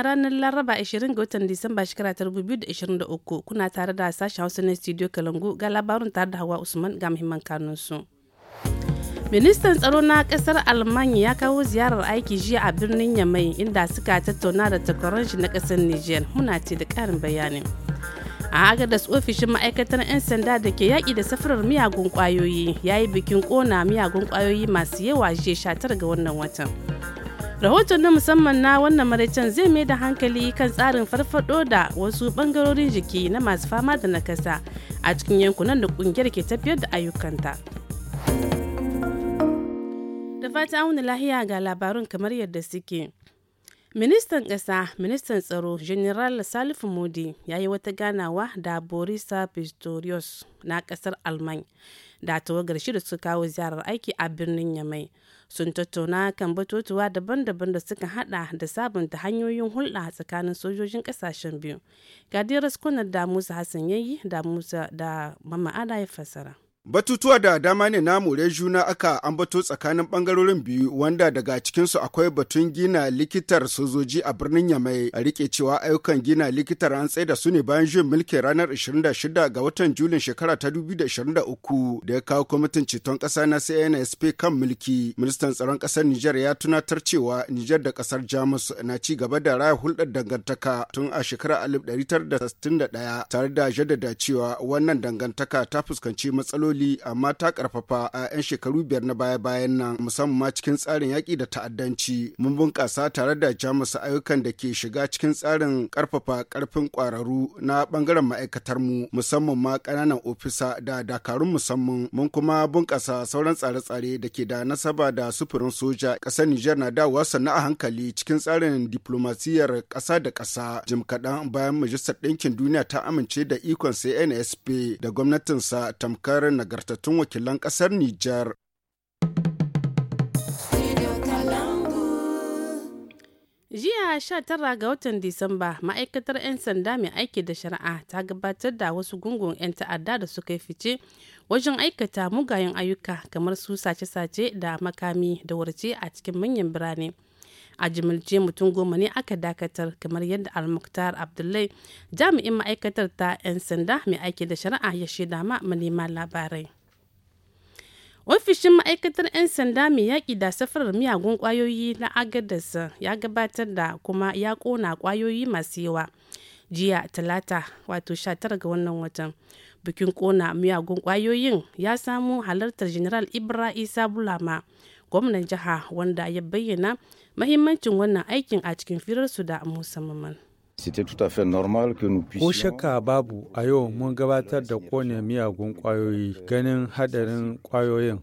a ranar Laraba 20 ga watan Disamba shekara 2023 kuna tare da sashen Hausa na Studio Kalangu ga labarin tare da Hawa Usman ga muhimman kanunsu. Ministan tsaro na kasar Almanya ya kawo ziyarar aiki jiya a birnin Yamai inda suka tattauna da takwaran shi na kasar Nijar. Muna ce da karin bayani. a agadas ofishin ma'aikatar 'yan sanda da ke yaƙi da safarar miyagun kwayoyi ya yi bikin kona miyagun kwayoyi masu yawa jiya 19 ga wannan watan rahoton na musamman na wannan maraicen zai mai da hankali kan tsarin farfado da wasu bangarorin jiki na masu fama da nakasa a cikin yankunan da kungiyar ke tafiyar da ayyukanta da fata auna lahiya ga labarun kamar yadda suke ministan ƙasa ministan tsaro general salifu modi ya yi wata ganawa da borisa pistorius na ƙasar alman da tawagar shida su kawo ziyarar aiki a birnin yamai sun tattauna kan batutuwa daban-daban da suka hada da sabunta hanyoyin hulɗa tsakanin sojojin ƙasashen biyu ga dai raskunar da musa hassan yayi da musa da mama ada ya fassara Batutuwa da dama ne na more juna aka ambato tsakanin bangarorin biyu wanda daga cikinsu akwai batun gina likitar sojoji a birnin Yamai a rike cewa ayyukan gina likitar an da su ne bayan juyin mulki ranar 26 ga watan Julin shekara ta 2023 da ya kawo kwamitin ceton kasa na CNSP kan mulki. Ministan tsaron Kasar Nijar ya tunatar cewa Nijar da kasar Jamus na ci gaba da raya hulɗar dangantaka tun a shekarar 1961 tare da jaddada cewa wannan dangantaka ta fuskanci matsaloli matsaloli amma ta karfafa a 'yan shekaru biyar na baya-bayan nan musamman ma cikin tsarin yaƙi da ta'addanci mun bunƙasa tare da jamus ayyukan da ke shiga cikin tsarin karfafa karfin ƙwararru na ɓangaren ma'aikatar mu musamman ma ƙananan ofisa da dakarun musamman mun kuma bunƙasa sauran tsare-tsare da ke da nasaba da sufurin soja ƙasar Nijar na dawowa sannan a hankali cikin tsarin diplomasiyar ƙasa da ƙasa jim kaɗan bayan majistar ɗinkin duniya ta amince da ikon CNSP da gwamnatinsa tamkar nagartattun wakilan ƙasar Nijar. Jiya 19 ga watan Disamba, ma'aikatar 'yan sanda mai aiki da shari'a ta gabatar da wasu gungun 'yan ta'adda da suka yi fice wajen aikata mugayen ayyuka kamar su sace-sace da makami da warce a cikin manyan birane. a jimilce mutum goma ne aka dakatar kamar yadda almuktar abdullahi jami'in ma'aikatar ta 'yan sanda mai aiki da shari'a ya shaida ma manema labarai ofishin ma'aikatar 'yan sanda mai yaƙi da safarar miyagun ƙwayoyi na agadas ya gabatar da kuma ya ƙona ƙwayoyi masu yawa jiya talata wato 19 ga wannan watan bikin ƙona miyagun ƙwayoyin ya samu halartar general ibra isa bulama gwamnan jiha wanda ya bayyana mahimmancin wannan aikin a cikin firarsu da musamman. Ko shakka babu a yau mun gabatar da kone miyagun kwayoyi ganin hadarin kwayoyin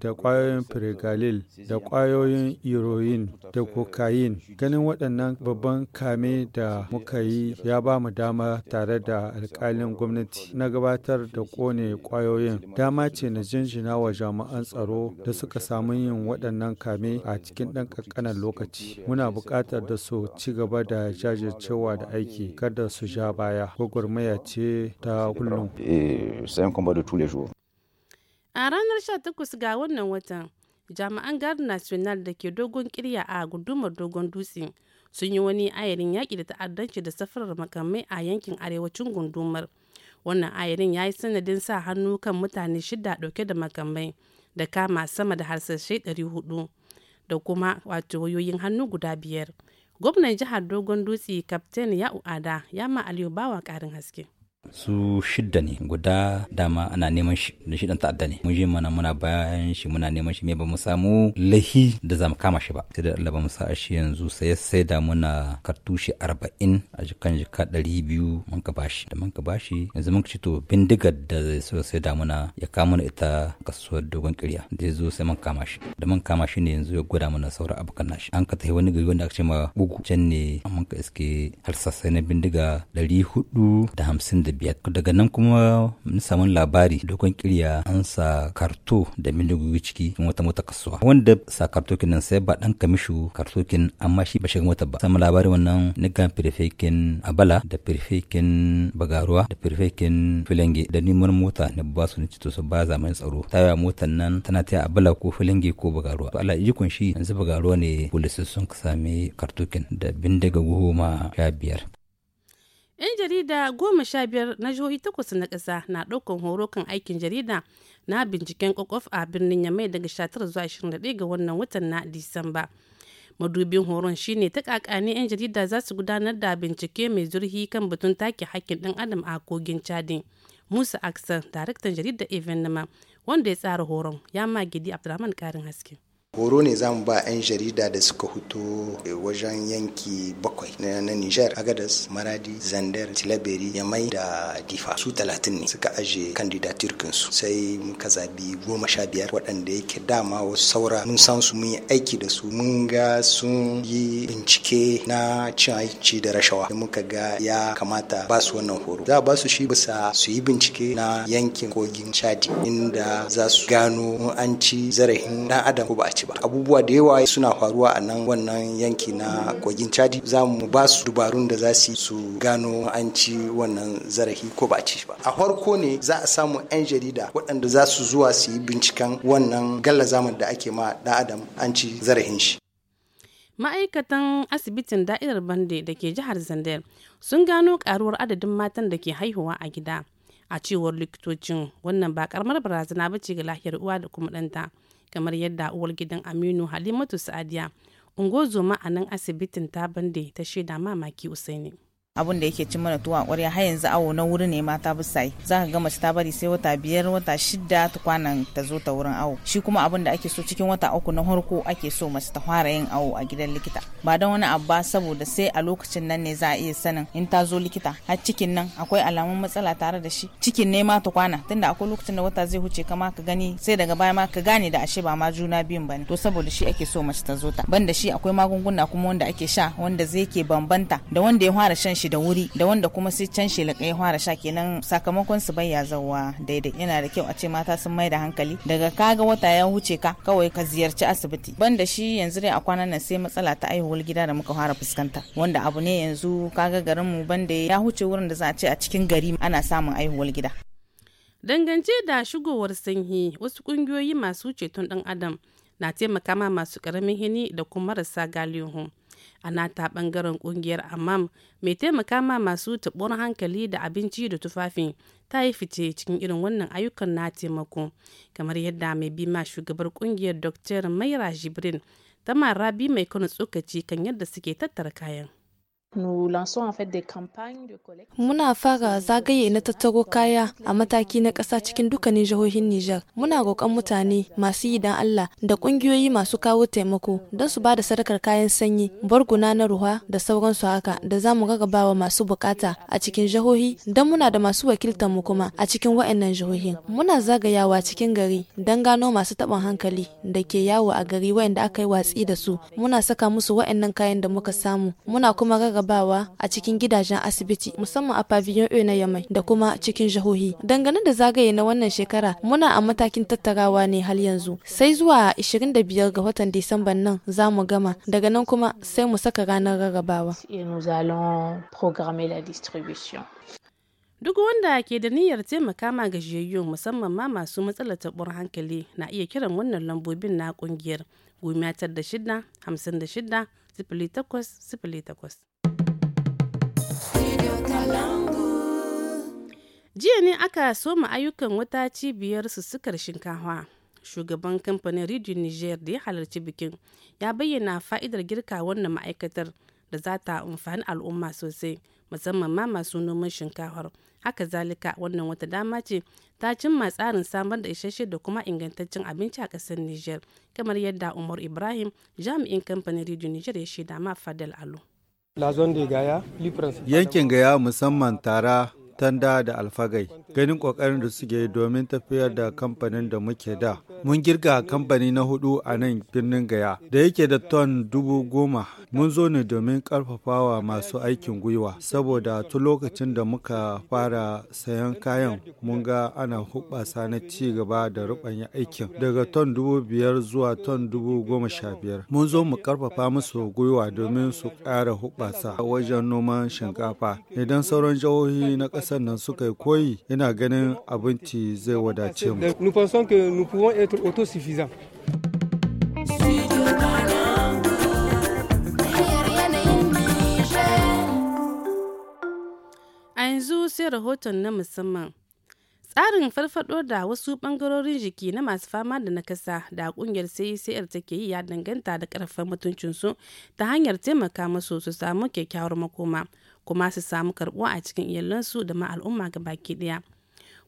da ƙwayoyin pregalil da ƙwayoyin iroyin da kokain ganin waɗannan babban kame da muka yi ya ba mu dama tare da alƙalin gwamnati na gabatar da ƙone ƙwayoyin dama ce na jinjina wa jami'an tsaro da suka samu yin waɗannan kame a cikin ɗan ƙanƙanan lokaci muna buƙatar da su ci gaba da jajircewa da aiki kada su ja baya gwagwarmaya ce ta kullum. Eh, A ranar 18 ga wannan watan, jami'an Guard National da ke dogon kirya a gundumar dogon dutse sun yi wani ayarin yaƙi da ta'addanci da safarar makamai a yankin arewacin gundumar. Wannan ayarin ya yi sanadin sa hannu kan mutane shida ɗauke da makamai da kama sama da harsashe 400 da kuma wato wayoyin hannu guda biyar. Gwamnan jihar Dogon Dutse, Kaftin Ya'u Ada, ya ma Aliyu Bawa ƙarin haske. su shidda ne guda dama ana neman shi da shi dan ta'adda ne mun je mana muna bayan shi muna neman shi me ba mu samu lahi da zamu kama shi ba sai da Allah ba mu sa shi yanzu sai sai da muna kartushi 40 a jikan jika 200 mun ka bashi da mun ka bashi yanzu mun ci to bindigar da so sai da muna ya kama mana ita kasuwar dogon kirya da zo sai mun kama shi da mun kama shi ne yanzu ya gwada mana saura abukan nashi an ka tafi wani gari wanda aka ce ma bugu can ne mun ka iske har sassai na bindiga 452 biyar daga nan kuma mun samu labari dokon kirya an sa karto da miliyoyi ciki cikin wata mota kasuwa wanda sa karto kinan sai ba dan kamishu kartokin amma shi ba shiga mota ba samu labarin wannan ne ga firfekin abala da firfekin bagaruwa da firfekin filange da neman mota ne ba su ni to su ba zamani tsaro ta ya motar nan tana taya abala ko filange ko bagaruwa to Allah kun shi yanzu bagaruwa ne police sun sami kartokin da bindiga goma sha biyar 'yan jarida goma sha biyar na jihohi takwas na ƙasa na ɗaukan horo kan aikin jarida na binciken kwakwaf a birnin yamai daga 19 zuwa 21 ga wannan watan na disamba madubin horon shine ta ne 'yan jarida za su gudanar da bincike mai zurfi kan batun take hakkin ɗan adam a kogin chadin musa aksan daraktan jaridar evenema wanda ya tsara horon ya magidi abdulrahman karin haske horo ne zamu ba 'yan jarida da suka huto eh, wajen yanki bakwai na niger agadas maradi zandar tilaberi yamai da difa su talatin ne suka aje kandidatirkinsu sai muka zabi goma sha biyar waɗanda yake dama wasu saura mun san su mun yi aiki da su mun ga sun yi bincike na cin aiki da rashawa da muka ga ya kamata ba su wannan horo za a ba su shi bisa su yi bincike na yankin kogin chadi inda za su gano an ci zarafin dan adam ko ba a ci ba abubuwa da yawa suna faruwa a nan wannan yanki na kogin chadi za mu ba su dubarun da za su su gano an ci wannan zarafi ko ba ci ba a farko ne za a samu 'yan jarida waɗanda za su zuwa su yi binciken wannan galla zaman da ake ma da adam an ci zarafin shi ma'aikatan asibitin da'irar bande da ke jihar zandar sun gano karuwar adadin matan da ke haihuwa a gida a cewar likitocin wannan ba karamar barazana ba ce ga lafiyar uwa da kuma ɗanta kamar yadda uwar gidan aminu halimatu sa'adiya unguwar zoma a nan asibitin ta ta shaida mamaki usaini abun da yake cin mana tuwa kwarya har yanzu awo na wuri ne mata bisa za ka ga mace ta bari sai wata biyar wata shida ta kwanan ta zo ta wurin awo shi kuma abun da ake so cikin wata uku na harko ake so mace ta fara yin awo a gidan likita ba don wani abba saboda sai a lokacin nan ne za a iya sanin in ta zo likita har cikin nan akwai alamun matsala tare da shi cikin ne ma ta kwana tunda akwai lokacin da wata zai huce kama ka gani sai daga baya ma ka gane da ashe ba ma juna biyun bane to saboda shi ake so mace ta zo ta banda shi akwai magunguna kuma wanda ake sha wanda zai ke bambanta da wanda ya fara shan shi shi da wuri da wanda kuma sai can shi ya fara sha kenan sakamakon su bai ya zawa daidai yana da kyau a ce mata sun mai da hankali daga kaga wata ya huce ka kawai ka ziyarci asibiti banda shi yanzu dai a kwanan nan sai matsala ta aihuwar gida da muka fara fuskanta wanda abu ne yanzu kaga garin mu banda ya huce wurin da za a ce a cikin gari ana samun aihuwar gida dangance da shigowar sanyi wasu kungiyoyi masu ceton dan adam na taimaka ma masu karamin hini da kuma marasa galihu a nata bangaren kungiyar amam mai taimaka ma masu taɓon hankali da abinci da tufafi ta yi fice cikin irin wannan ayyukan na taimako kamar yadda mai bi ma shugabar kungiyar dr maira jibrin ta mara rabi mai kano tsokaci kan yadda suke tattara kayan Muna fara zagaye na tattaro kaya a mataki na ƙasa cikin dukkanin jihohin Nijar. Muna roƙon mutane masu yi dan Allah da ƙungiyoyi masu kawo taimako don su ba da sadakar kayan sanyi, barguna na ruwa da sauransu haka da za mu rarrabawa masu bukata a cikin jihohi don muna da masu wakiltar mu kuma a cikin wa'annan jihohin. Muna zagayawa cikin gari don gano masu taɓin hankali da ke yawo a gari wa'anda aka yi watsi da su. Muna saka musu wa'annan kayan da muka samu. Muna kuma rarraba jarabawa a cikin gidajen asibiti musamman a pavillon e na Yamai da kuma cikin jihohi. Dangane da zagaye na wannan shekara muna a matakin tattarawa ne hal yanzu. Sai zuwa 25 ga watan Disamba nan za mu gama daga nan kuma sai mu saka ranar rarrabawa. Duk wanda ke da niyyar taimaka ma gajiyayyun musamman ma masu matsalar taɓar hankali na iya kiran wannan lambobin na ƙungiyar gumiya tar da shida hamsin sifili takwas sifili jiya ne aka soma ayyukan wata cibiyar sussukar shinkawa shugaban kamfanin radio niger da ya halarci bikin ya bayyana fa'idar girka wannan ma'aikatar da za ta amfani al'umma sosai musamman ma masu noman shinkawar haka zalika wannan wata dama ce ta cimma tsarin samar da isasshe da kuma ingantaccen abinci a ƙasar niger kamar yadda umar ibrahim jami'in kamfanin radio niger ya shaida ma fadal alu Yankin gaya musamman tara tanda da alfagai ganin kokarin da suke domin tafiyar da kamfanin da muke da mun girka kamfani na hudu a nan birnin gaya da yake da ton dubu goma mun zo ne domin karfafawa masu aikin gwiwa saboda tun lokacin da muka fara sayan kayan mun ga ana hubasa na ci gaba da rubanya aikin daga ton dubu biyar zuwa ton dubu goma sha biyar mun zo mu karfafa musu gwiwa domin su ƙara hubasa wajen noman shinkafa idan sauran jihohi na sannan suka yi koyi ina ganin abinci zai wadace mu. A yanzu sai rahoton na musamman. tsarin farfado da wasu bangarorin jiki na masu fama da nakasa da kungiyar sayar e take yi ya danganta da karfin mutuncinsu ta hanyar taimaka masu su samu kyakkyawar makoma kuma su samu karbuwa a cikin iyalansu da ma al'umma baki daya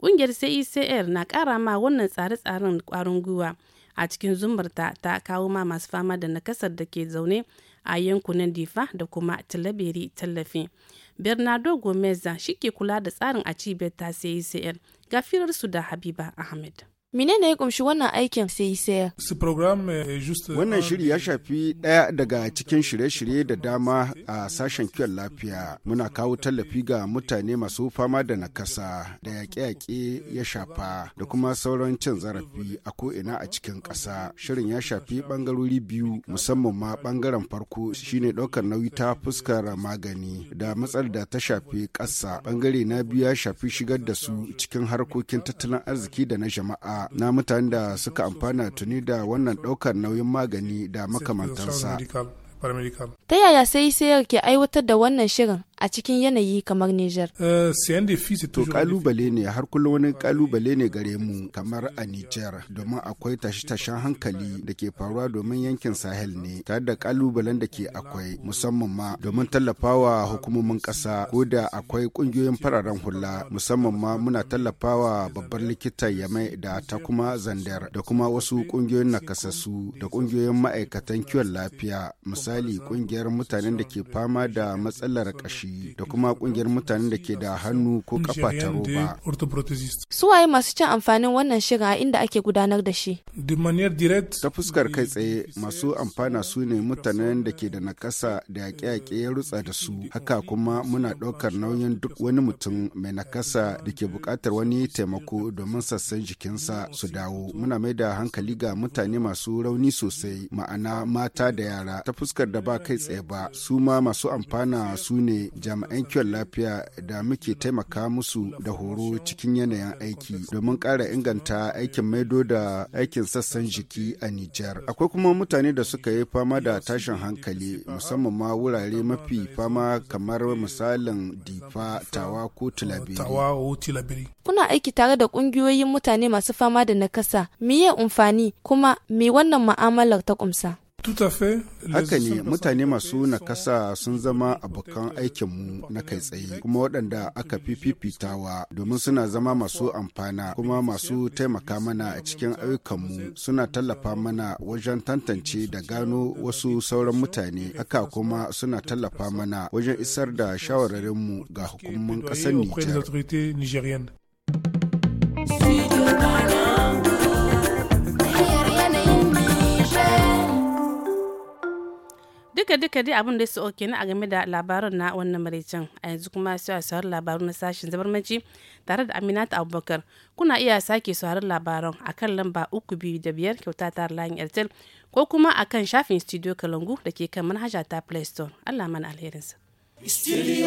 ƙungiyar cecr na kara ma wannan tsare-tsaren kwarin gwiwa a cikin zumarta ta kawo ma masu fama da nakasar da ke zaune a yankunan difa da kuma talabiri tallafi bernardo gomez shi ke kula da tsarin a cibiyar ta cecr gafirar da habiba ahmed menene ya kumshi wannan aikin sai sayar eh, eh, wannan shiri ya shafi ɗaya daga cikin shirye-shirye da dama a sashen kiwon lafiya muna kawo tallafi ga mutane masu fama da nakasa da yaƙe-yaƙe ya shafa da kuma sauran cin zarafi a ko'ina a cikin ƙasa shirin ya shafi ɓangarori biyu musamman ma ɓangaren farko shine ɗaukar nauyi ta fuskar magani da matsalar da ta shafi ƙasa ɓangare na biyu ya shafi shigar da su cikin harkokin tattalin arziki da na jama'a na mutane da suka amfana tuni da wannan daukar nauyin magani da makamantarsa. Ta yaya sai sayar ke aiwatar da wannan shirin a cikin yanayi kamar Nijar. Eh, to kalubale ne har kullum wani kalubale ne gare mu kamar a Nijar domin akwai tashe-tashen hankali da ke faruwa domin yankin Sahel ne tare da kalubalen da ke akwai musamman ma domin tallafawa hukumomin kasa. ko da akwai kungiyoyin fararen hula musamman ma muna tallafawa babbar likita Yamai da ta kuma Zandar da kuma wasu ƙungiyoyin nakasassu da kungiyoyin ma'aikatan kiwon lafiya misali kungiyar mutanen da ke fama da matsalar ƙashi shi da kuma kungiyar mutanen da ke da hannu ko kafa ta roba. Suwaye masu cin amfanin wannan shirin a inda ake gudanar da shi? Ta fuskar kai tsaye masu amfana su ne mutanen da ke da nakasa da yaƙe-yaƙe ya rutsa da su. Haka kuma muna ɗaukar nauyin duk wani mutum mai nakasa da ke buƙatar wani taimako domin sassan jikinsa su dawo. Muna mai da hankali ga mutane masu rauni sosai ma'ana mata da yara ta fuskar da ba kai tsaye ba su ma masu amfana su ne jami'an kiwon lafiya da muke taimaka musu da horo cikin yanayin aiki domin kara inganta aikin maido da aikin sassan jiki a Nijar. Akwai kuma mutane da suka yi fama da tashin hankali musamman ma wurare mafi fama kamar misalin Difa, Tawa ko Tilabiri. Kuna aiki tare da ƙungiyoyin mutane masu fama da nakasa, miye amfani kuma me wannan ma'amalar ta ƙumsa? Haka ne mutane masu nakasa sun zama abokan aikinmu na kai tsaye kuma waɗanda aka fifitawa domin suna zama masu amfana kuma masu taimaka mana a cikin ayyukanmu suna tallafa mana wajen tantance da gano wasu sauran mutane haka kuma suna tallafa mana wajen isar da mu ga hukumomin ƙasar Nijar. duka duka dai abin da su oke na a game da labarin na wannan maraicin a yanzu kuma sai a saurari labaru na sashen zabarmanci tare da aminata abubakar kuna iya sake sauraron labaran kan lamba uku biyu da biyar kyauta ta layin airtel ko kuma a kan shafin studio kalangu da ke kan manhaja ta play allah mana alherinsa studio